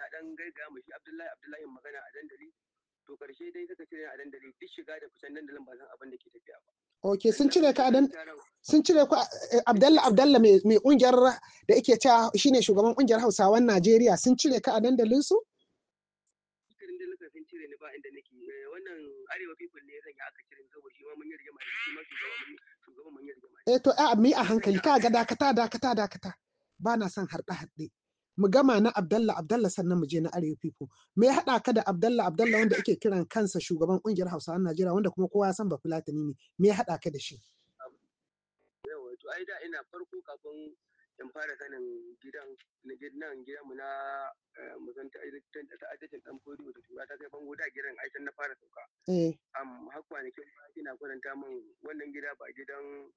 na dan gaigaya mu shi Abdullahi Abdullahi magana a dandali to karshe dai suka cire a dandali duk shiga da kusan dandalin ba san abin da ke tafiya ba Ok, sun cire ka dan sun cire ku eh, Abdalla Abdalla mai kungiyar da yake ta shine shugaban kungiyar Hausawan Najeriya sun cire ka a dandalin su? Kirin da nake sun cire ni ba inda nake eh, wannan Arewa people ne zan yi aka cire saboda shi ma mun yi rigima shi ma shugaban mun yi rigima. Eh to a mi a hankali ka ga dakata dakata dakata ba na son harɗe harɗe mu gama na Abdallah Abdallah sannan mu je na Arewa fifo me ya haɗa ka da Abdallah Abdallah wanda ake kiran kansa shugaban kungiyar Hausawan Najeriya wanda kuma kowa ya san Bafulatani ne me ya haɗa ka da shi yawa to ai da ina farko kafin in fara sanin gidan na gidan gidan mu na eh, musanta aidatan da ta'addatin dan fodi da tura ta kai bango da gidan aikin na fara sauka eh. am har kwanakin ina kwaranta min wannan gida ba gidan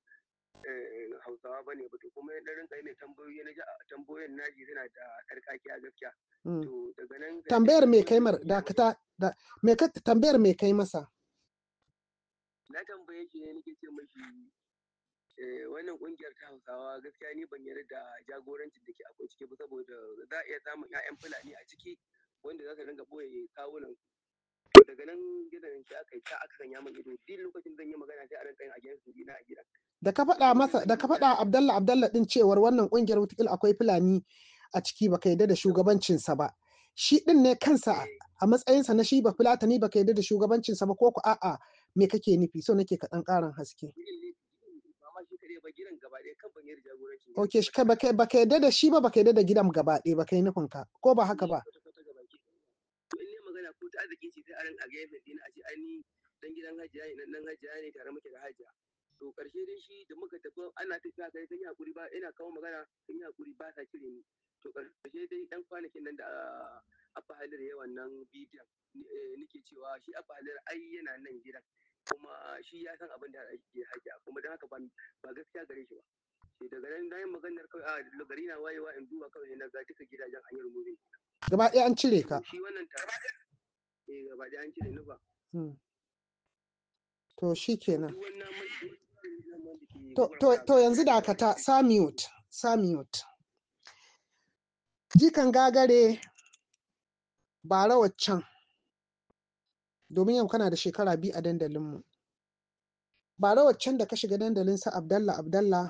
Eh, hausawa bane ba to kuma ya rinka mai tambayoyi na ji tambayoyin naji suna da karkaki a gaskiya mm. to daga nan tambayar me kai mar dakata da me ka tambayar me kai masa na tambaye shi ne nake ce mashi eh, wannan kungiyar ta hausawa gaskiya ni ban yarda da jagorancin da ke akwai ciki ba saboda za a iya samun 'ya'yan fulani a ciki wanda za su ringa boye kawunan daga nan gidan shi aka yi ta aka sanya min ido duk lokacin zan yi magana sai a rinka yin against ina a gidan da ka faɗa masa da ka faɗa Abdallah Abdallah din cewar wannan kungiyar wutakil akwai Fulani a ciki baka yarda da shugabancinsa ba shi ɗin ne kansa a eh. matsayinsa na shi ba Fulatani baka yarda da shugabancinsa ba ko ku a'a me kake nufi so nake ka ɗan ƙarin haske Ok, ba ka yarda da shi ba ba ka yarda da gidan gaba ɗaya ba ka yi nufin ka ko ba haka eh, ba. ta arziki ce sai a ran a gefen dina a ce ai ni dan gidan hajiya ne dan hajiya ne tare muke da hajiya to karshe dai shi da muka tafi ana tafiya kai kan yi hakuri ba ina kawo magana kan yi hakuri ba sa cire ni to karshe dai dan kwanakin nan da ah, abba halir ya wannan bidiyon eh, nake cewa shi abba halir ai yana nan gidan kuma shi ya san abin da ake hajiya kuma dan haka ba gaskiya gare shi ba sai daga nan na yi maganar kawai ah, a lugari na wayewa in duba kawai na ga duka gidajen an yi removing gaba ɗaya an cire ka shi wannan tare eh gaba da an cire ni hmm. to shi kenan to yanzu dakata samiyut jikan gagare bara waccan domin yau kana da shekara biyu a dandalinmu bara waccan da ka shiga dandalin sa abdallah abdallah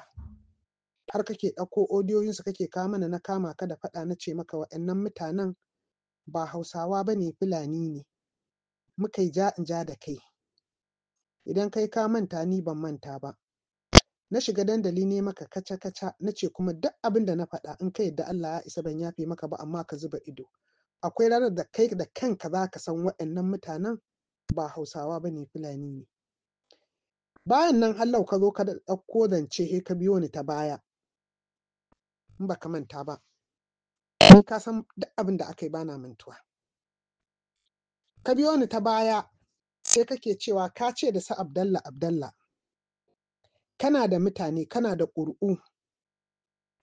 har kake ɗauko odiyoyinsu kake mana na kama ka da faɗa na ce maka waɗannan mutanen ba hausawa ba ne fulani ne muka yi ja in ja da kai idan kai ka manta ni ban manta ba na shiga dandali ne maka kaca kaca na ce kuma duk abin da na faɗa in ka yadda Allah ya isa ban yafe maka ba amma ka zuba ido akwai ranar da kai da kanka za ka san waɗannan mutanen ba hausawa ba ne fulani ne bayan nan har ka zo ka ɗauko zance he ka biyo ni ta baya in ba ka manta ba ka san duk abin da aka yi bana mantuwa ka biyo ni ta baya sai kake cewa ka ce da su abdalla abdalla kana da mutane kana da ƙuri'u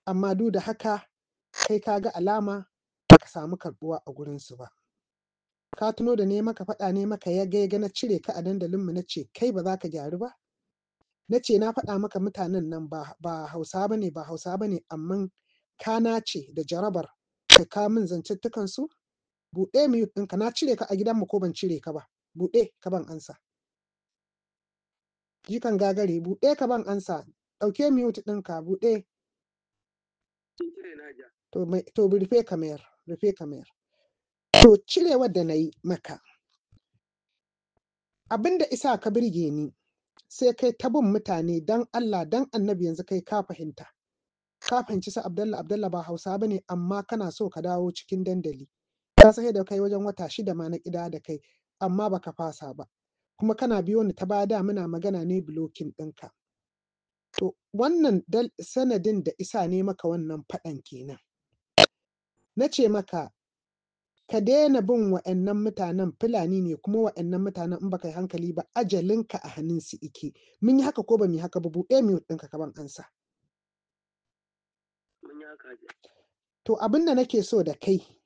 amma duk da haka kai ka ga alama ka samu karɓuwa a gurinsu ba ka tuno da ne maka faɗa ne maka ya gaiga na cire ka a dandalinmu na ce kai ba za ka gyaru ba na ce na faɗa maka mutanen nan ba hausa ba ne ba hausa ba ne amma ka nace da jarabar ka ka min su Buɗe mute ɗinka, na cire ka a gidanmu ko ban cire ka ba? Buɗe ka ban ansa. Jikan gagare, buɗe ka ban ansa. Ɗauke mute ɗinka, buɗe. To, rufe ka mayar, rufe ka mayar. To, cire wadda na yi maka. Abin da isa ka birge ni, sai kai ta bin mutane don Allah don annabi yanzu kai ka fahimta. Ka fahimci sa Abdullahi? Abdullahi ba Hausa ba ne amma kana so ka dawo cikin dandali. ka sai da kai wajen wata shida ma na ƙida da kai amma baka fasa ba kuma kana biyo ni ta baya da muna magana ne blocking ɗinka to wannan sanadin da isa ne maka wannan faɗan kenan na ce maka ka daina bin wa'annan mutanen fulani ne kuma wa'annan mutanen in baka yi hankali ba ajalinka a hannun su ike mun yi haka ko ba mu yi haka ba buɗe mu ka ban ansa to abin da nake so da kai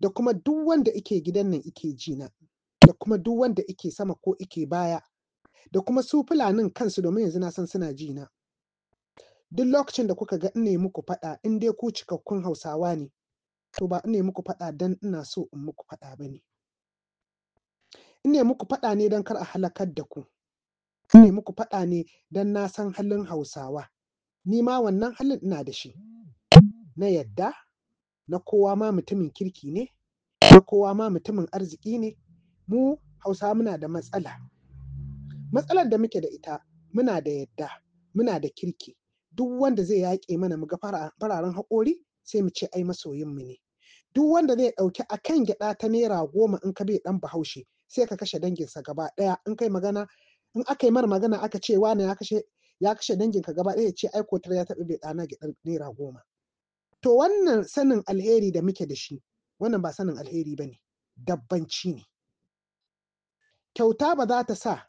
da kuma duk wanda ike gidan nan ike ji na da kuma duk wanda ike sama ko ike baya da kuma su fulanin kansu domin yanzu na san suna ji na duk lokacin da kuka ga ina muku faɗa in dai ku cikakkun hausawa ne to ba ina muku faɗa dan ina so in muku faɗa ba ne ina muku faɗa ne don kar a halakar da ku ina muku faɗa ne dan nasan halin hausawa ni ma wannan halin ina da shi na yadda na kowa ma mutumin kirki ne eh. na kowa ma mutumin arziki ne mu hausa muna da matsala matsalar da muke da ita muna da yadda muna da kirki duk wanda zai yaƙe mana muga fararen haƙori sai mu ce ai masoyinmu ne duk wanda zai ɗauki a kan gyaɗa ta naira goma in ka bai ɗan bahaushe sai ka kashe danginsa gaba ɗaya in kai magana in aka yi mara magana aka ce wane ya kashe ya kashe danginka gaba ɗaya ce ai kotar ya taɓa bai ɗana gyaɗa, naira goma to wannan sanin alheri da muke da shi wannan ba sanin alheri ba ne dabbanci ne kyauta ba za ta sa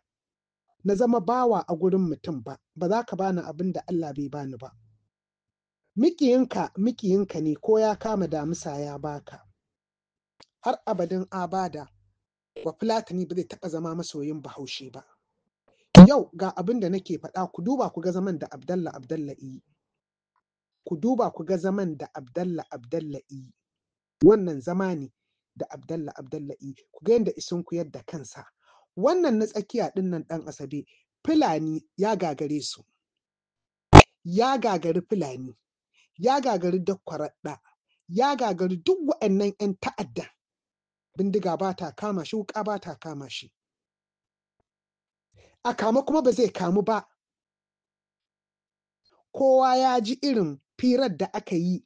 na zama bawa a gurin mutum ba ba za ka bani abin da Allah bai bani ba mikiyinka mikiyinka ne ko ya kama damisa ya baka har abadin abada ba fulatani ba zai taɓa zama masoyin bahaushe ba yau ga abin da nake faɗa ku duba ku ga zaman da abdallah abdallah yi. Ku duba ku ga zaman da Abdallah Abdallah wannan zama ne da Abdallah Abdallah ku ga yadda isun ku yadda kansa wannan na tsakiya ɗin nan ɗan asabe Fulani ya gagare su ya gagari Fulani ya gagari dakkwaradda ya gagari duk waɗannan 'yan ta'adda bindiga ba ta kama shi wuka ba ta kama shi a kama kuma ba zai kamu ba kowa ya ji irin firar da aka yi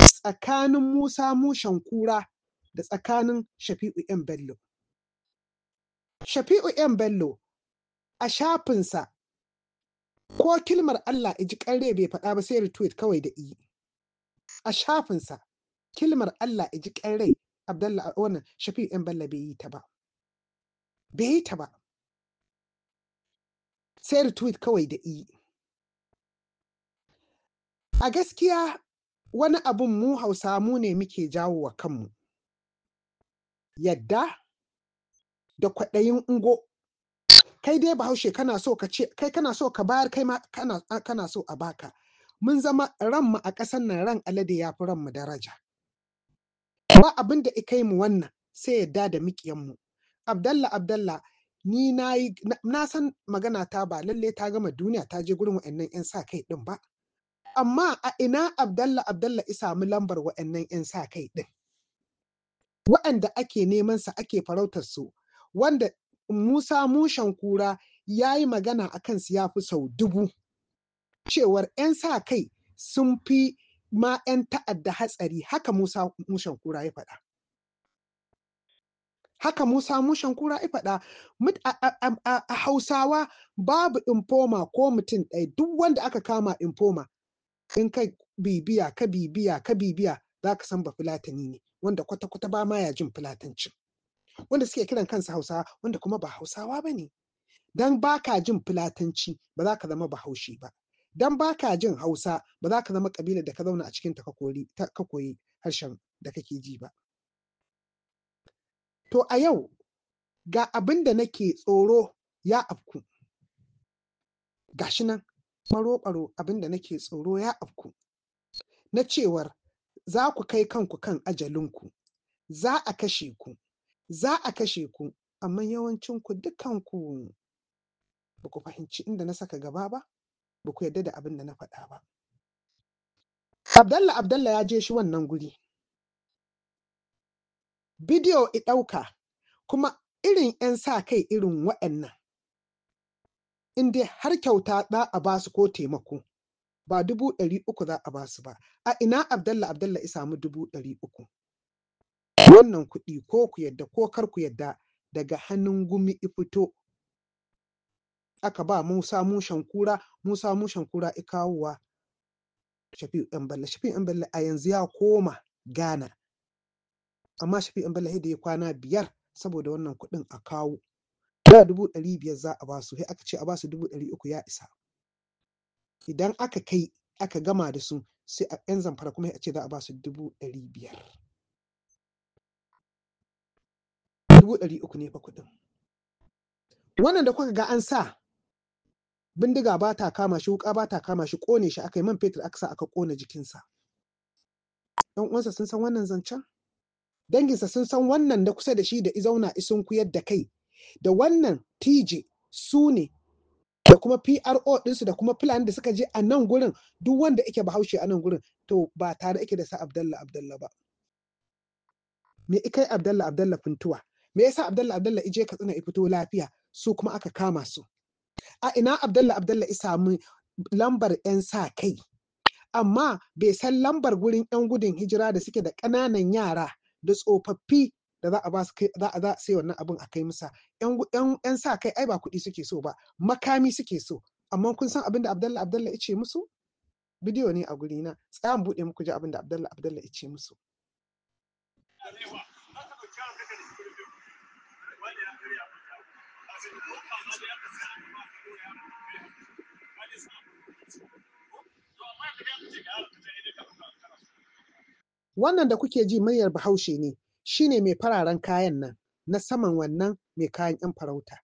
tsakanin Musa Mushan Kura da tsakanin Shafi'u ‘yan Bello. Shafi'u ‘yan Bello a shafinsa ko kilmar Allah iji ƙarre bai faɗa ba sai retweet kawai da iyi. A shafinsa kilmar Allah iji ƙarre Abdallah wannan Shafi'u ‘yan Bello bai yi ta ba. Bai yi ta ba. Sai retweet kawai da iyi. A gaskiya wani abun mu Hausa mu ne muke jawo wa kanmu. Yadda da kwaɗayin ungo. Kai dai Bahaushe kana so ka ce, kai kana so ka bayar, kai ma kana so a ba Mun zama ranmu a ƙasan nan ran alade ya fi ranmu daraja. Ba abin da ya kai mu wannan sai yadda da mu. Abdallah Abdallah ni na san magana ta ba lallai ta gama duniya ta je gurin waɗannan 'yan sa kai ɗin ba. amma a ina Abdalla Abdalla isami lambar waɗannan 'yan sa kai ɗin. Waɗanda ake neman sa ake farautar su, wanda Musa Mushan Kura ya yi magana a kansu ya fi sau dubu. Cewar 'yan sa kai sun fi ma 'yan ta'adda hatsari haka Musa Mushan Kura ya faɗa. haka Musa Mushan Kura ya faɗa a Hausawa babu infoma ko mutum ɗaya duk wanda aka kama infoma in kai bibiya ka bibiya ka bibiya za ka san ba bafulatani ne wanda kwata-kwata ba ma ya jin fulatancin wanda suke kiran kansa hausawa wanda kuma ba hausawa ba ne dan ba ka jin fulatanci ba za ka zama bahaushe ba dan ba ka jin hausa ba za ka zama kabilar da ka zauna a cikin ka koyi harshen da kake ji ba to a yau ga abin da nake tsoro ya afku gashi nan ɓaro abinda abin da nake tsoro ya afku, na cewar za ku kai kanku kan ajalinku, za a kashe ku, za a kashe ku, amma yawancinku dukanku ba ku fahimci inda na saka gaba ba, ba ku yarda da abin da na faɗa ba. Abdalla Abdalla ya je shi wannan guri. Bidiyo i ɗauka kuma irin 'yan sa kai irin waɗannan in dai har kyauta za a ba su ko taimako ba dubu ɗari uku za a ba su ba a ina abdalla abdalla ya samu dubu ɗari uku wannan kuɗi ko ku yadda ko kar ku yadda daga hannun gumi ifito aka ba musa mushan shankura musa mushan kura ikawowa shafi'u ɗan balla shafi'u ɗan balla a yanzu ya koma Gana, amma shafi'u ɗan balla ya kwana biyar saboda wannan kuɗin a kawo da dubu ɗari biyar za a ba su sai aka ce a ba su dubu ɗari uku ya isa idan aka kai aka gama da su sai a yan zamfara kuma a ce za a ba su dubu ɗari biyar dubu ɗari uku ne fa kuɗin wannan da kuka ga an sa bindiga ba ta kama shi wuka ba ta kama shi kone shi aka yi man fetur aka sa aka kone jikinsa Ɗan uwansa sun san wannan zancen danginsa sun san wannan da kusa da shi da izauna isunku yadda kai da wannan TJ su ne da kuma PRO ɗinsu da kuma plan da suka je a nan gurin duk wanda yake bahaushe a nan gurin to ba tare yake da sa Abdallah Abdallah ba. Me yi Abdallah Abdallah fintuwa? Me yasa Abdallah Abdallah ije ka tsina fito lafiya su kuma aka kama su? A ina Abdallah Abdallah isa mu lambar 'yan sa kai. Amma bai san lambar gurin 'yan gudun hijira da suke da ƙananan yara da tsofaffi da za a ba su kai za a sai wannan abin a kai musa yan yan sa kai ai ba kuɗi suke so ba makami suke so amma kun san abin da Abdallah Abdallah ya ce musu bidiyo ne a guri na tsayan buɗe muku ji abin da Abdallah Abdallah ya ce musu Wannan da kuke ji muryar Bahaushe ne, shi ne mai fararen kayan nan na saman wannan mai kayan ‘yan farauta.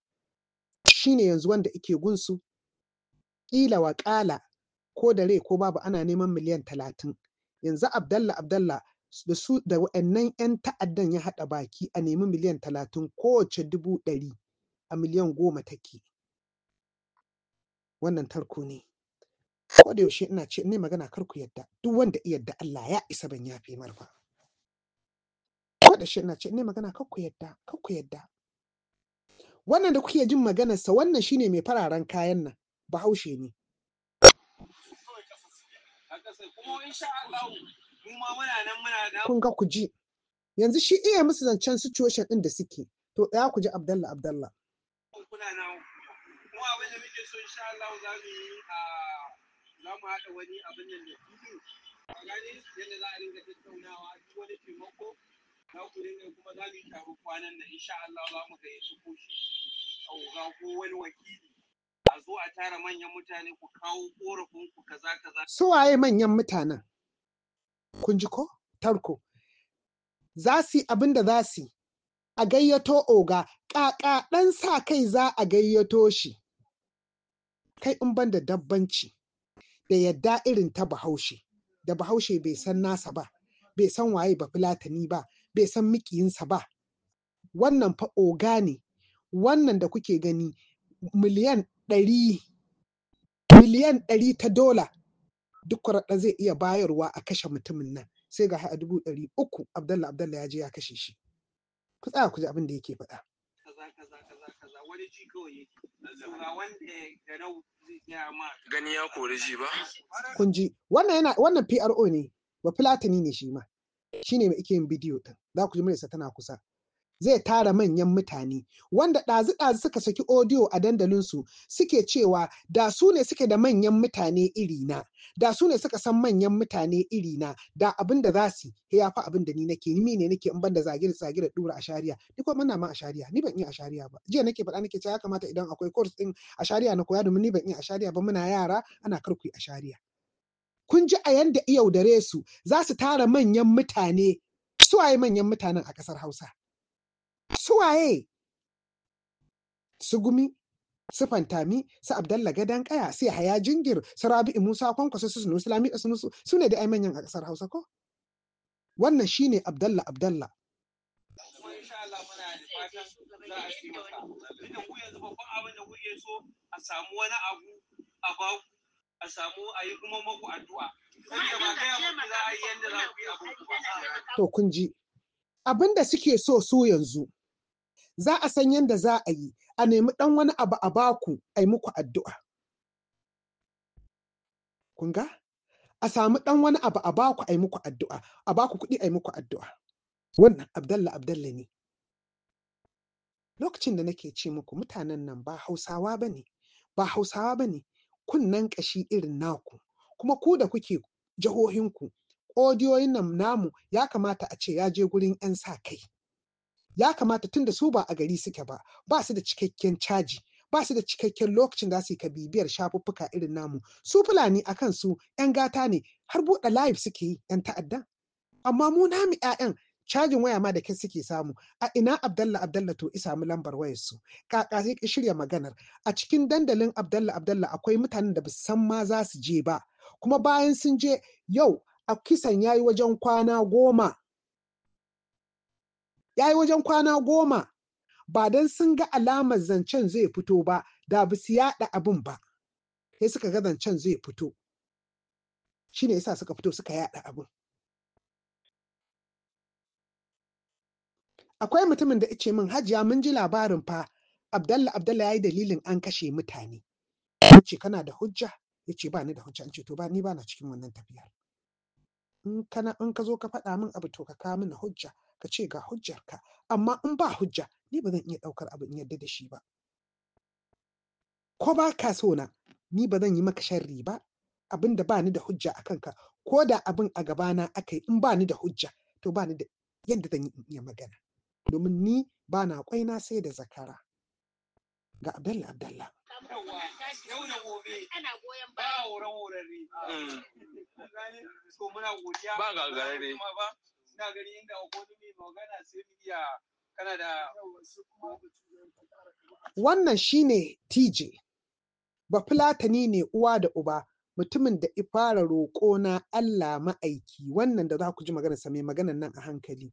Shi ne yanzu wanda ike gunsu, ƙila wa ƙala ko da rai ko babu ana neman miliyan talatin. Yanzu Abdallah Abdallah da su da wa'annan ‘yan ta'addan ya haɗa baki a nemi miliyan talatin kowace dubu ɗari a miliyan goma take. Wannan tarko ne. Ko da yaushe ina ce ne magana kar ku yadda duk wanda iya yadda Allah ya isa ban yafe marfa. da shi ina ce ne magana ku yadda ku yadda wannan da kuke jin maganar sa wannan shine mai fararen kayan nan bahaushe ne kun ga ku ji yanzu shi iya musu zancen situation din da suke to ya ku ji abdalla abdalla kuna na abin da muke a gani yadda za a ringa tattaunawa duk wani taimako ku kuma za mu yi kwanan nan insha za mu gayyaci shi ga ko wani wakili tara manyan su waye manyan mutanen kun ji ko tarko za su yi abin da za su a gayyato oga ƙaƙa ɗan sa kai za a gayyato shi kai in ban da dabbanci da yadda irin ta bahaushe da bahaushe bai san nasa ba bai san waye ba fulatani ba bai san mikiyinsa ba wannan fa oga ne wannan da kuke gani miliyan ɗari miliyan ɗari ta dola duk raɗa zai iya bayarwa a kashe mutumin nan sai ga a dubu ɗari uku abdallah abdallah ya je ya kashe shi ku tsaya ku ji abin da yake faɗa gani ya kori shi ba kun ji wannan yana wannan PRO ne ba filatani ne shi ma shi ne mai ike yin bidiyo ɗin za ku ji muryarsa tana kusa zai tara manyan mutane wanda ɗazu-ɗazu suka saki odiyo a dandalinsu suke cewa da su ne suke da manyan mutane iri na, da su ne suka san manyan mutane iri na, da abin da za su ya fi abin da ni nake ni ne nake in banda zagiri zagiri dura shari'a ni kuma mana ma shari'a ni ban iya shari'a ba jiya nake faɗa nake cewa ya kamata idan akwai course din shari'a na koya domin ni ban iya shari'a ba muna yara ana karku ashariya kun ji a yanda iyaudare su za su tara manyan mutane suwaye manyan mutanen a ƙasar hausa suwaye su gumi su fantami su abdalla gadan kaya su haya jingir su rabi'u musa kwankwaso su sunu islami su su ne da ai manyan a ƙasar hausa ko wannan shine abdalla abdalla a samu wani abu a baku a samu a yi kuma maku addu'a. Wanda ba gaya muku za a yi yadda za ku yi abu kuma To kun ji. Abin da suke so su yanzu za a san yadda za a yi a nemi ɗan wani abu a baku a yi muku addu'a. Kun ga? A samu ɗan wani abu a baku a yi muku addu'a, a baku kuɗi a yi muku addu'a. Wannan Abdalla Abdalla ne. Lokacin da nake ce muku mutanen nan ba Hausawa ba ne, ba Hausawa ba ne, kunnen ƙashi irin naku kuma ku da kuke jihohinku odiyoyin nan namu ya kamata a ce ya je gurin 'yan sa kai ya kamata tun da su ba a gari suke ba ba su da cikakken caji ba su da cikakken lokacin da su yi ka bibiyar shafuffuka irin namu su fulani a kansu 'yan gata ne har buɗe live suke yi 'yan ta'adda amma mu namu 'ya'yan cajin waya ma da kai suke samu a ina abdalla abdalla to isa isamu lambar wayar su kaka sai shirya maganar a cikin dandalin abdalla abdalla akwai mutanen da ba san ma za su je ba kuma bayan sun je yau a kisan yayi wajen kwana goma yayi wajen kwana goma ba dan sun ga alamar zancen zai fito ba da ba su yaɗa abin ba sai suka ga zancen zai fito shine yasa suka fito suka yaɗa abin akwai mutumin da ce min hajiya mun ji labarin fa abdalla abdalla ya yi dalilin an kashe mutane ce kana da hujja ya ce ba ni da hujja ce to ba ni ba na cikin wannan tafiyar in kana in ka zo ka faɗa min abu to ka kawo mini hujja ka ce ga hujjarka amma in ba hujja ni ba zan iya ɗaukar abu in yadda da shi ba ko ba ka so na ni ba zan yi maka sharri ba abin da ba ni da hujja a kanka ko da abin a gabana aka yi in ba ni da hujja to ba ni da yadda zan yi in iya magana domin ni ba na na sai da zakara ga abdalla abdalla ba mm. wannan shine TJ bafulatani ne uwa da uba mutumin da ifara roƙo na Allah ma'aiki wannan da za ku ji magana sa mai maganan nan a hankali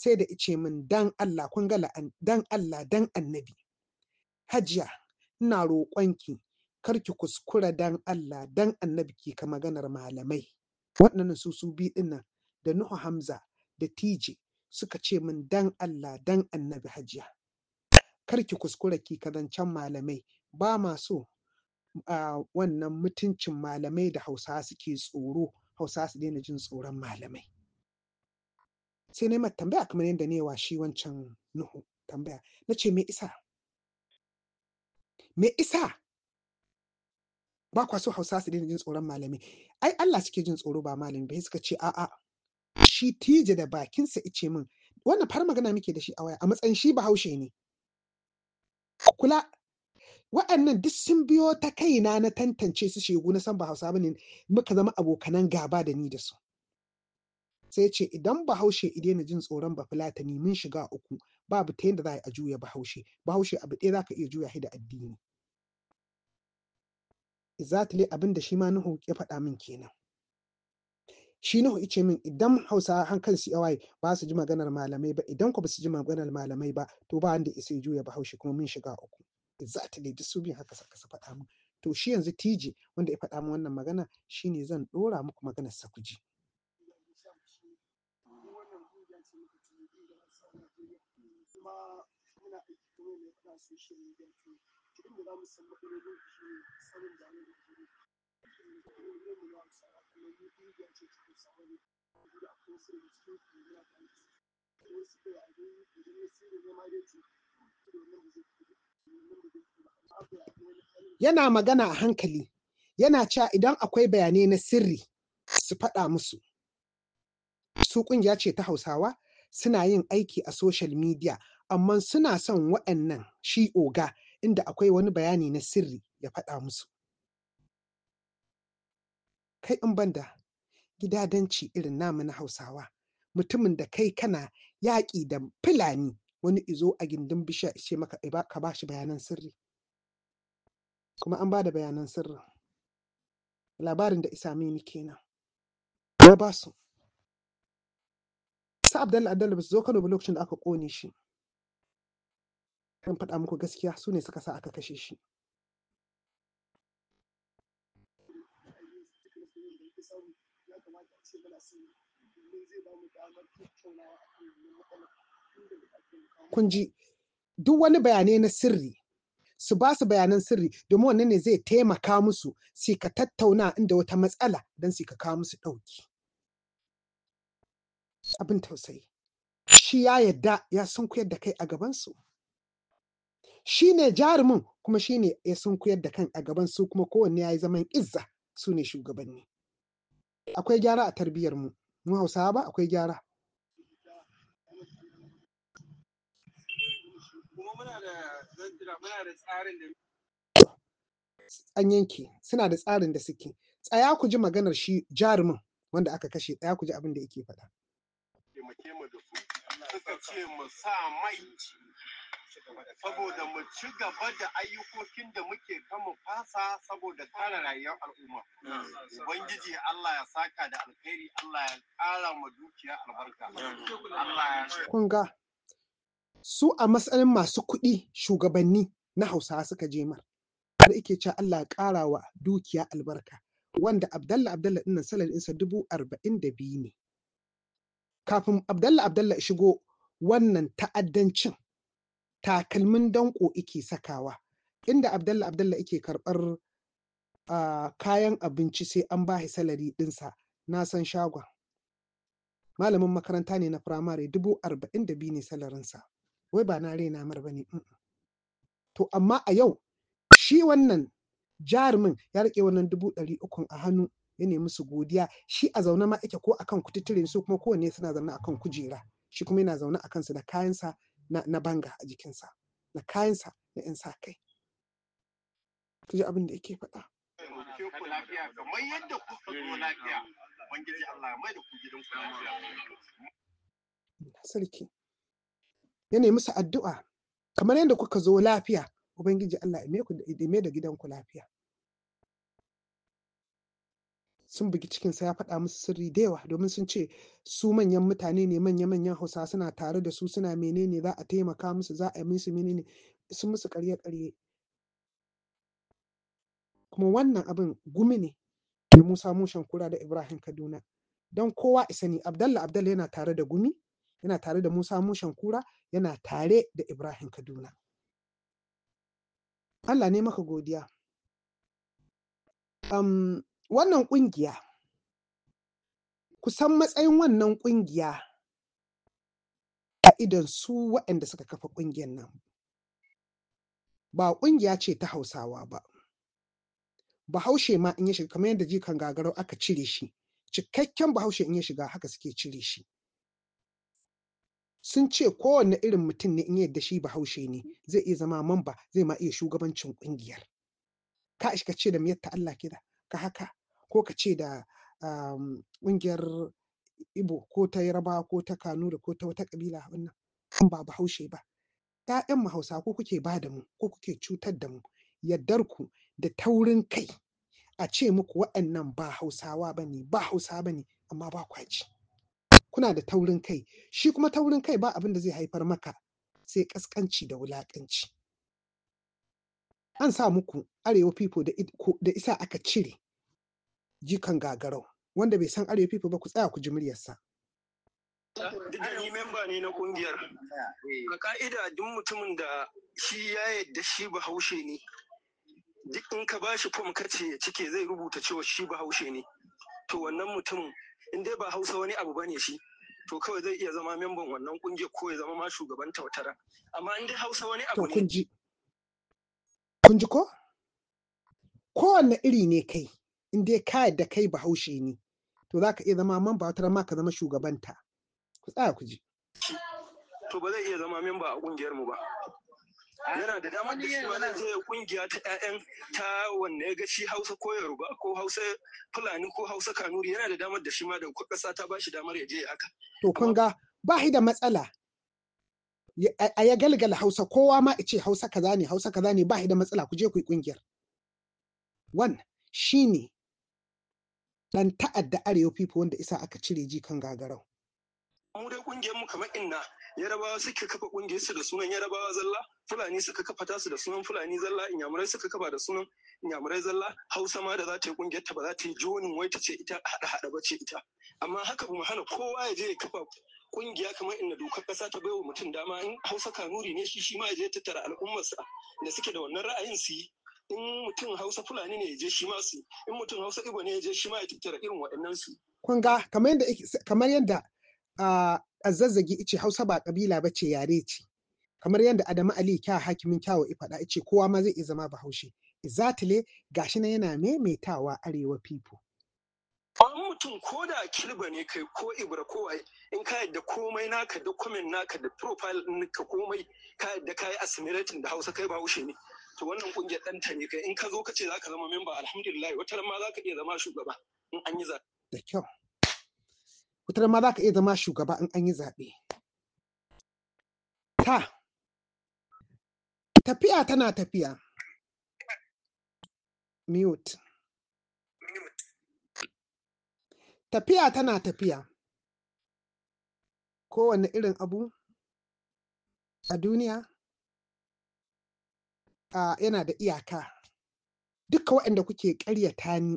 sai da ice min dan Allah kun ga dan Allah dan annabi hajiya ina roƙonki kar ki kuskura dan Allah dan annabi ki ka maganar malamai waɗannan su su bi nan da Nuhu Hamza da TJ suka ce min dan Allah dan annabi hajiya kar ki kuskura ki kazancen malamai ba ma so a wannan mutuncin malamai da Hausawa suke tsoro hausa su daina jin tsoron malamai sai na mata tambaya kamar yadda ne wa shi wancan nuhu tambaya na ce me isa me isa ba kwa so hausa su daina jin tsoron malami ai Allah suke jin tsoro ba malami bai suka ce a'a shi tije da bakinsa ice min wannan far magana muke da shi a waya a matsayin shi bahaushe ne kula wa'annan duk sun biyo ta kaina na tantance su shegu na san ba hausa ba ne, muka zama abokanan gaba da ni da su sai ce idan bahaushe i daina jin tsoron bafulatani mun shiga uku babu ta yadda za a juya bahaushe bahaushe abu ɗaya za ka iya juya shi da addini exactly abin da shi ma Nuhu ya faɗa min kenan shi Nuhu ice min idan Hausa hankali su yawai ba su ji maganar malamai ba idan ku ba su ji maganar malamai ba to ba wanda isa juya bahaushe kuma mun shiga uku exactly duk su biyan haka saka su faɗa min to shi yanzu Tije, wanda ya faɗa min wannan magana shine zan ɗora muku maganar sakuji yana magana a hankali yana cewa idan akwai bayanai na sirri su faɗa musu su ƙungiya ce ta hausawa suna yin aiki a social media amma suna son waɗannan shi oga inda akwai wani bayani na sirri ya faɗa musu. Kai in banda gidadanci irin namu na Hausawa, mutumin da kai kana yaƙi da Fulani wani izo a gindin bishiya ce maka ka ba shi bayanan sirri. Kuma an ba da bayanan sirrin. Labarin da isa ni kenan. Ya ba su. Sa Abdallah Abdallah ba su zo Kano ba lokacin da aka ƙone shi. in faɗa muku gaskiya su ne suka sa aka kashe shi kun ji duk wani bayanai na sirri su ba su bayanan sirri domin wannan ne zai taimaka musu sai ka tattauna inda wata matsala don su ka kawo musu ɗauki abin tausayi shi ya yadda ya sun koyar da kai a gabansu shi ne jarumin kuma shi ne ya sunkuyar da kan a gaban su kuma kowanne ya yi zaman izza su ne shugabanni akwai gyara a tarbiyyar mu mu hausawa ba akwai gyara an yanke suna da tsarin da suke tsaya ku ji maganar shi jarumin wanda aka kashe tsaya ku ji abin da yake faɗa. saboda mu ci gaba da ayyukokin da muke kama fasa saboda kare rayuwar al'umma ubangiji Allah ya saka da alkhairi Allah ya kara ma dukiya albarka su a matsayin masu kuɗi shugabanni na Hausawa suka je mar har ike cewa Allah ya kara wa dukiya albarka wanda Abdallah Abdallah ɗinnan salar insa dubu arba'in da biyu ne kafin Abdallah Abdallah shigo wannan ta'addancin takalmin danko ike sakawa inda abdalla abdalla ike karɓar uh, kayan abinci sai an ba salari ɗinsa na san shagon malamin makaranta ne na firamare dubu arba'in da biyu ne salarinsa wai ba na raina mar ba ne to amma a yau shi wannan jarumin ya rike wannan dubu ɗari ukun a hannu ya nemi su godiya shi a zaune ma ake ko akan kututture su kuma kowanne suna zaune akan kujera shi kuma yana zaune akan su da kayansa na banga a jikinsa na kayansa na 'yan sa kai ku ji abin da yake faɗa sarki ya nemi su addu'a kamar yadda kuka zo lafiya ubangiji Allah ya me da gidanku lafiya sun bugi cikinsa ya faɗa musu sirri da yawa domin sun ce su manyan mutane ne manya-manyan hausa suna tare da su suna menene za a taimaka musu za a yi musu menene sun musu ƙarye-ƙarye kuma wannan abin gumi ne da musa mushan kura da ibrahim kaduna don kowa isa ne abdallah abdallah yana tare da gumi yana tare da musa mushan kura yana tare da ibrahim kaduna allah ne maka godiya wannan ƙungiya kusan matsayin wannan ƙungiya a idon su waɗanda suka kafa ƙungiyar nan ba ƙungiya ce ta hausawa ba bahaushe ma in ya shiga kamar yadda jikan gagarau aka cire shi cikakken bahaushe in ya shiga haka suke cire shi sun ce kowane irin mutum ne in yadda shi bahaushe ne zai iya zama mamba zai ma iya shugabancin ƙungiyar ka iska ce da miyar ta Allah da, ka haka ko ka ce da um, ƙungiyar Igbo ko ta Yarbawa ko ta Kanuri ko ta wata ƙabila wannan ba Bahaushe ba. ‘Ya'yan mu Hausa ko kuke ba da mu ko kuke cutar da mu yaddar ku da taurin kai a ce muku waɗannan ba Hausawa ba ne ba Hausa ba ne amma ba kwa Kuna da taurin kai shi kuma taurin kai ba abin da zai haifar maka sai ƙasƙanci da wulaƙanci. An sa muku arewa fifo da isa aka cire jikan gagarau wanda bai san arewa people ba ku tsaya ku ji muryarsa. ni memba ne na kungiyar a ka'ida duk mutumin da shi ya yadda shi bahaushe ne duk in ka bashi fom ka ce ya cike zai rubuta cewa shi bahaushe ne to wannan mutum in dai ba hausa wani abu bane shi to kawai zai iya zama memban wannan kungiyar ko ya zama ma shugaban tautara amma in dai hausa wani abu ne kun ji ko kowanne iri ne kai in dai ka yadda kai bahaushe ne to za ka iya zama man wata ma ka zama shugabanta ku tsaya ku ji to ba zai iya zama memba a kungiyar mu ba yana da damar da shi wani zai kungiya ta ƴaƴan ta wanne ya ga shi Hausa ko Yoruba ko Hausa Fulani ko Hausa Kanuri yana da damar da shi ma da ƙasa ta ba shi damar ya je haka to kun ga ba shi da matsala a ya galgala Hausa kowa ma ce Hausa kaza ne Hausa kaza ne ba shi da matsala ku je ku yi kungiyar wannan shine dan ta'adda arewa fifo wanda isa aka cire ji kan gagarau mu dai kungiyar mu kamar inna yarabawa suka kafa kungiyar su da sunan yarabawa zalla fulani suka kafa tasu da sunan fulani zalla inyamurai suka kafa da sunan inyamurai zalla hausa ma da za ta yi kungiyar ta ba za ta yi jonin wai ta ce ita hada hada ba ce ita amma haka ba mu hana kowa ya je ya kafa kungiya kamar inna dokar kasa ta baiwa mutum dama in hausa kanuri ne shi shi ma ya je tattara al'ummarsa da suke da wannan ra'ayin su yi in mutum hausa fulani ne ya je shi masu, in mutum hausa igbo ne ya je shi ma ya tattara irin waɗannan su kun ga kamar yadda a azazzagi ice hausa ba kabila ba ce yare ce kamar yadda adamu ali kya hakimin kyawo ifada ice kowa ma zai iya zama bahaushe izatile gashi na yana maimaitawa arewa pipo. wani mutum ko da kilba ne kai ko ibra ko in ka yadda komai naka da komen naka da profile ka komai ka yadda ka yi assimilating da hausa kai bahaushe ne to wannan kungiyar ɗanta ne kai in ka zo ka ce za ka zama memba alhamdulillah wata ma ka iya zama shugaba in an yi zaɓe da kyau wata ma ka iya zama shugaba in an yi zaɓe ta tafiya tana tafiya mute tafiya tana tafiya kowane irin abu a duniya yana da iyaka duka waɗanda kuke ƙaryata ni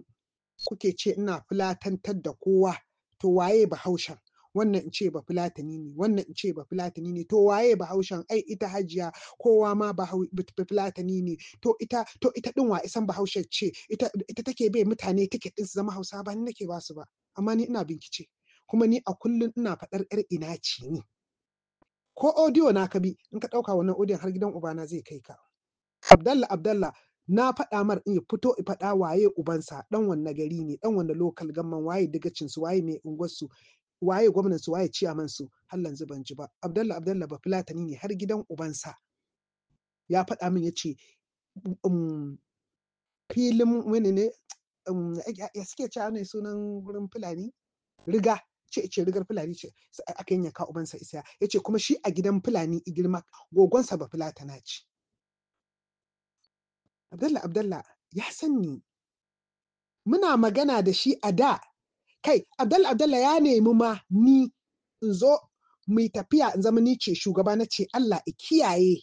kuke ce ina fulatantar da kowa to waye bahaushen wannan in ce ba fulatani ne wannan in ce ba fulatani ne to waye bahaushen ai ita hajiya kowa ma ba fulatani ne to ita to ita din wa isan bahaushen ce ita ita take bai mutane take din su zama hausa ba ni nake ba su ba amma ni ina bincike kuma ni a kullum ina faɗar yar ina ce ni ko audio na ka bi in ka ɗauka wannan audio har gidan ubana zai kai ka Abdallah Abdallah na faɗa mar in ya fito in faɗa waye ubansa ɗan wanne gari ne ɗan wanne lokal gamman waye dagacin su waye mai unguwar su waye gwamnan su waye ciyaman su hallan ban ji ba Abdallah Abdallah ba filatani ne har gidan ubansa ya faɗa min yace um, filin wani ne um, ya suke cewa ne sunan gurin fulani riga ce ce rigar fulani ce aka yanka ubansa isa ya ce kuma shi a gidan fulani girma gogonsa ba fulatana ce Abdallah Abdallah ya san ni. Muna magana da shi a da. Kai, Abdallah Abdallah ya nemi ma ni in zo mai tafiya in zama ni ce shugaba na ce Allah i kiyaye.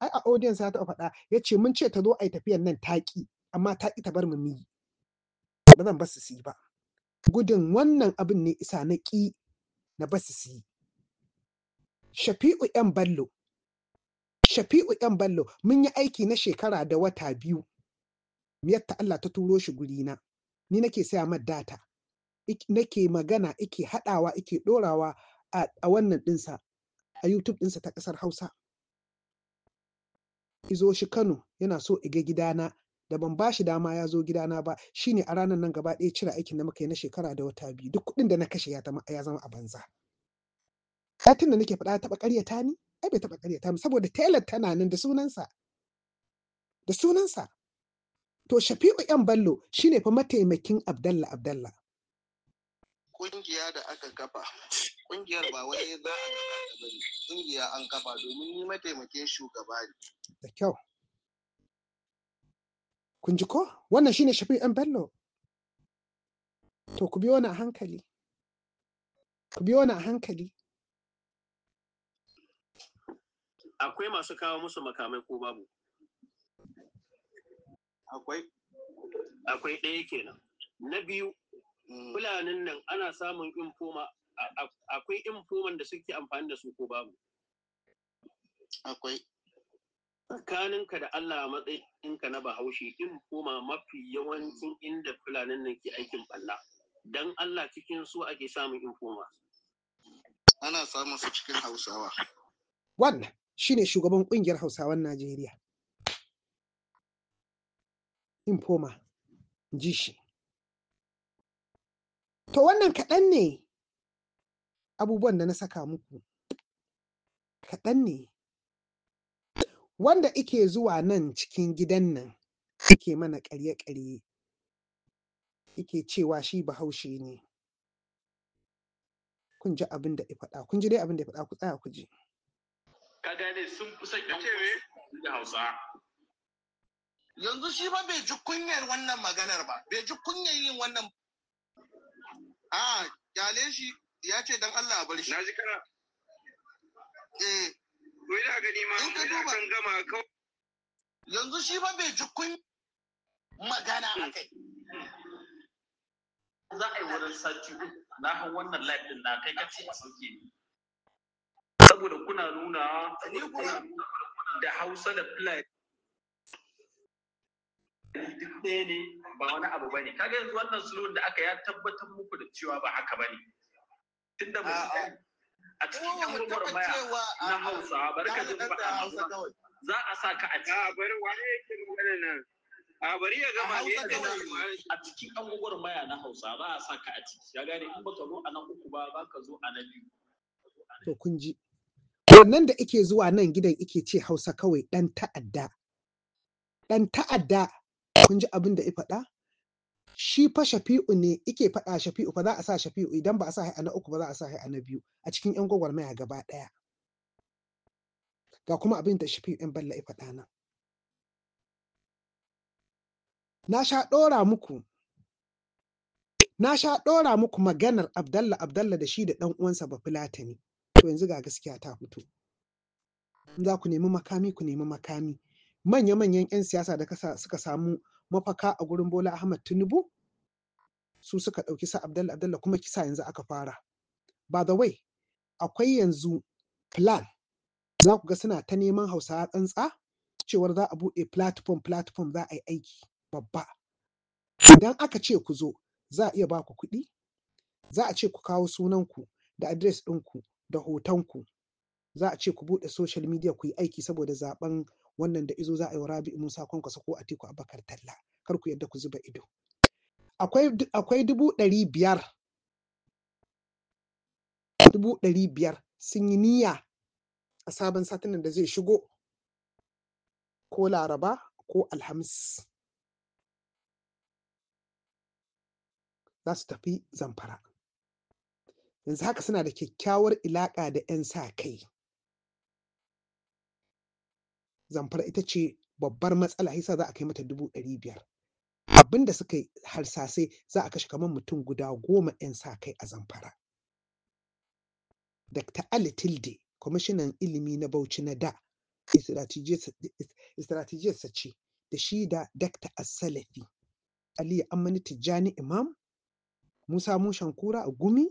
Ai a audience ya taɓa faɗa ya ce mun ce ta zo a yi tafiyan nan taƙi amma taƙi ta bar mu ni, Ba zan basu su yi ba. Gudun wannan abin ne isa na ƙi na basu su yi. Shafi'u ‘yan ballo Shafi'u ‘yan ballo mun yi aiki na shekara da wata biyu, yadda Allah ta turo shi guri na ni nake saya ma data, nake magana, ike haɗawa, ike ɗorawa a wannan ɗinsa, a YouTube ɗinsa ta ƙasar Hausa. Izo shi Kano yana so iga gidana da ban ba shi dama ya zo gidana ba Shi ne a ranar nan gaba ɗaya cire aikin da muka yi na shekara da wata biyu duk kuɗin da na kashe ya zama a banza. Satin da nake faɗa taɓa ƙaryata ni? ai bai taɓa ƙaryata mu saboda taylor tana nan da sunansa da sunansa to shafi'u yan ballo shine fa mataimakin abdalla abdalla kungiya da aka kafa kungiyar ba wai za a kafa da kungiya an kafa domin ni mataimakin shugaba ne da kyau kun ji ko wannan shine shafi'u yan ballo to ku biyo ni a hankali ku biyo ni a hankali akwai masu kawo musu makamai ko babu akwai akwai ɗaya kenan na biyu mm. fulanin nan ana samun infoma akwai infoman da suke amfani da su ko babu akwai tsakaninka da Allah a matsayinka na bahaushe infoma mafi yawancin inda fulanin nan ke aikin balla don Allah cikin su ake samun infoma ana samun su cikin hausawa wannan shine shugaban ƙungiyar Hausawan Najeriya. Infoma, ji shi. To wannan kaɗan ne abubuwan da na saka muku, kaɗan ne wanda ike zuwa nan cikin gidan nan ike mana ƙarye-ƙarye, ike cewa shi bahaushe ne. Kun ji abin da ya faɗa, kun ji dai abin da ya faɗa ku tsaya ku ji. ka gane sun fi son yan da hausa yanzu shi ba bai ji kunyar wannan maganar ba bai ji kunyar yin wannan a kyale shi ya ce don Allah a bar shi na ji kana eh to ina gani ma in ka kan gama kawai yanzu shi ba bai ji kunyar magana a kai za a yi wurin sati na hau wannan laifin na kai kace a sauke saboda kuna nuna da hausa da fulani duk ɗaya ne ba wani abu ba ne kaga yanzu wannan sulhun da aka ya tabbatar muku da cewa ba haka ba ne tunda ba a cikin yan maya na hausa bari ka zuba a za a sa ka a cikin bari wani yake magana nan a bari ya gama ne yake a cikin yan maya na hausa za a sa ka a ciki ya gane in baka zo a nan uku ba za ka zo a nan biyu to kun ji nan da ike zuwa nan gidan ike ce hausa kawai ɗan ta'adda ɗan ta'adda kun ji abin da ya faɗa shi fa shafi'u ne ike faɗa shafi'u fa za a sa shafi'u idan ba a sa a na uku ba za a sa a na biyu a cikin yan gwagwarmaya gaba ɗaya ga kuma abin da shafi'u yan balla ya faɗa nan na sha ɗora muku na sha ɗora muku maganar abdalla abdalla da shi da ɗan uwansa ba to yanzu ga gaskiya ta fito za ku nemi makami ku nemi makami manya-manyan 'yan siyasa da kasa suka samu mafaka a gurin bola ahmad tinubu su suka ɗauki sa abdalla abdalla kuma kisa yanzu aka fara by the way akwai yanzu plan za ku ga suna ta neman hausawa tsantsa cewar za a buɗe platform platform za a yi aiki babba idan aka ce ku zo za a iya ba ku kuɗi za a ce ku kawo sunanku da adres ɗinku da hotonku za a ce ku buɗe social media ku yi aiki saboda zaben wannan da izo za a yi wa Rabi Musa Kwankwaso ko Atiku Abubakar Talla kar ku yadda ku zuba ido akwai dubu ɗari biyar dubu ɗari biyar sun yi niyya a sabon satin da zai shigo ko laraba ko alhamis za su tafi zamfara yanzu haka suna da kyakkyawar ilaƙa da 'yan sa kai zamfara ita ce babbar matsala yasa za a kai mata dubu ɗari biyar abin da suka yi harsasai za a kashe kamar mutum guda goma 'yan sa kai a zamfara dr ali tilde kwamishinan ilimi na bauchi na da Istiratijiyarsa ce da shi da dr asalafi ali amani tijjani imam musa mushan kura a gumi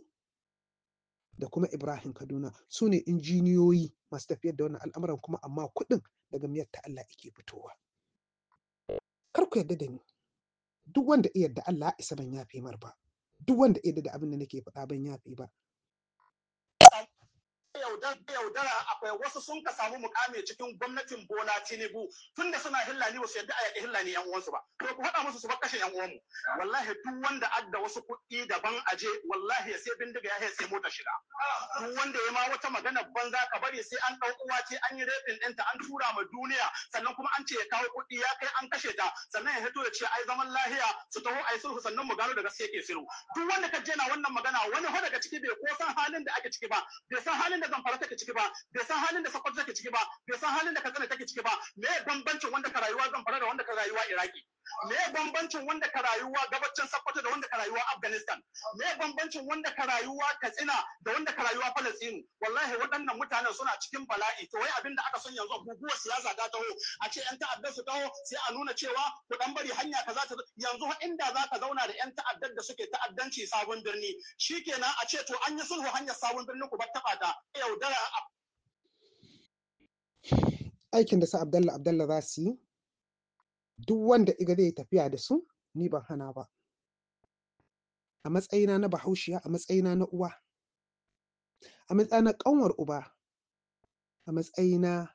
da kuma Ibrahim Kaduna su ne injiniyoyi masu tafiyar da wannan al'amuran kuma amma kuɗin daga miyar ta Allah yake fitowa. Kar ku yarda da ni. Duk wanda iya yarda Allah isa ban yafe mar ba. Duk wanda iya da abin da nake faɗa ban yafe ba. yaudara akwai wasu sun ka samu mukami cikin gwamnatin Bola Tinubu tunda suna hillani wasu yadda a yaƙi hillani yan uwansu ba to ku haɗa musu su bar kashe yan uwanmu wallahi duk wanda adda wasu kuɗi daban aje wallahi sai bindiga ya sai mota shiga duk wanda ya ma wata magana banza ka bari sai an ɗau uwa ce an yi rafin ɗinta an tura ma duniya sannan kuma an ce ya kawo kuɗi ya kai an kashe ta sannan ya hito ya ce ai zaman lahiya su taho ai sulhu sannan mu gano da gaske yake sulhu duk wanda ka je na wannan magana wani ho daga ciki bai ko san halin da ake ciki ba bai san halin da zan zamfara take ciki ba bai san halin da sokoto take ciki ba bai san halin da katsina take ciki ba me bambancin wanda ka rayuwa zamfara da wanda ka rayuwa iraki me bambancin wanda ka rayuwa gabacin sokoto da wanda ka rayuwa afghanistan me bambancin wanda ka rayuwa katsina da wanda ka rayuwa falastin wallahi waɗannan mutanen suna cikin bala'i to wai abin da aka son yanzu guguwar siyasa ta taho a ce yan ta'addar su taho sai a nuna cewa ku dan bari hanya kaza ta yanzu inda za ka zauna da yan ta'addar da suke ta'addanci sabon birni shikenan a ce to an yi sulhu hanyar sabon birni ku bar taɓa ta eh, yaudara aikin da su abdalla abdalla za su yi duk wanda iga zai tafiya da su ni ban hana ba a matsayina na bahaushiya a matsayina na uwa a matsayina kanwar uba a matsayina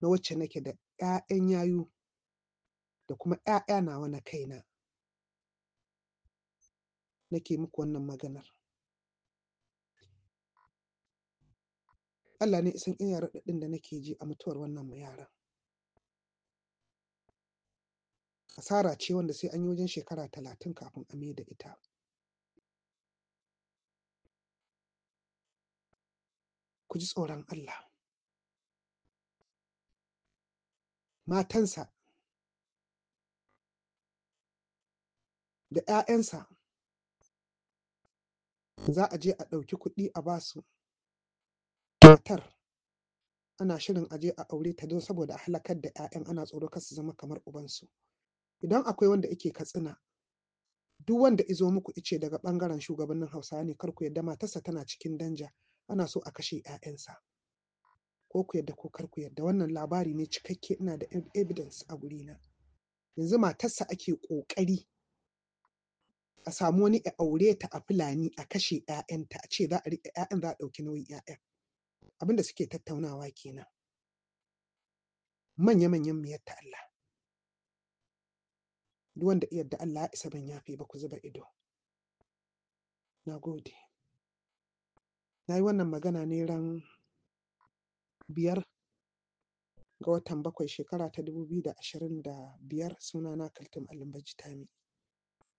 na wacce nake da 'ya'yan yayu da kuma 'ya'ya nawa na kaina nake muku wannan maganar Allah ne isan iya raɗaɗin da nake ji a mutuwar wannan yaran. Asara ce wanda sai an yi wajen shekara talatin kafin a da ita. Ku ji tsoron Allah. Matansa da ‘ya'yansa za a je a ɗauki kuɗi a basu. matar ana shirin a a aure ta don saboda a halakar da 'ya'yan ana tsoro kar su zama kamar ubansu idan akwai wanda yake katsina duk wanda izo muku ice daga ɓangaren shugabannin Hausa ne kar ku yadda matarsa tana cikin danja ana so a kashe 'ya'yansa ko ku yadda ko kar ku yadda wannan labari ne cikakke ina da evidence a na yanzu matarsa ake ƙoƙari a samu wani a aure ta a fulani a kashe 'ya'yanta a ce za a riƙe 'ya'yan za a ɗauki nauyin 'ya'yan abin da suke tattaunawa kenan manya-manyan mu ta Allah duk wanda da Allah ya isa ban yafe ba ku zuba ido na gode na yi wannan magana ne ran biyar ga watan bakwai shekara ta dubu biyu da ashirin da biyar sunana Kaltum Alimbaji Tami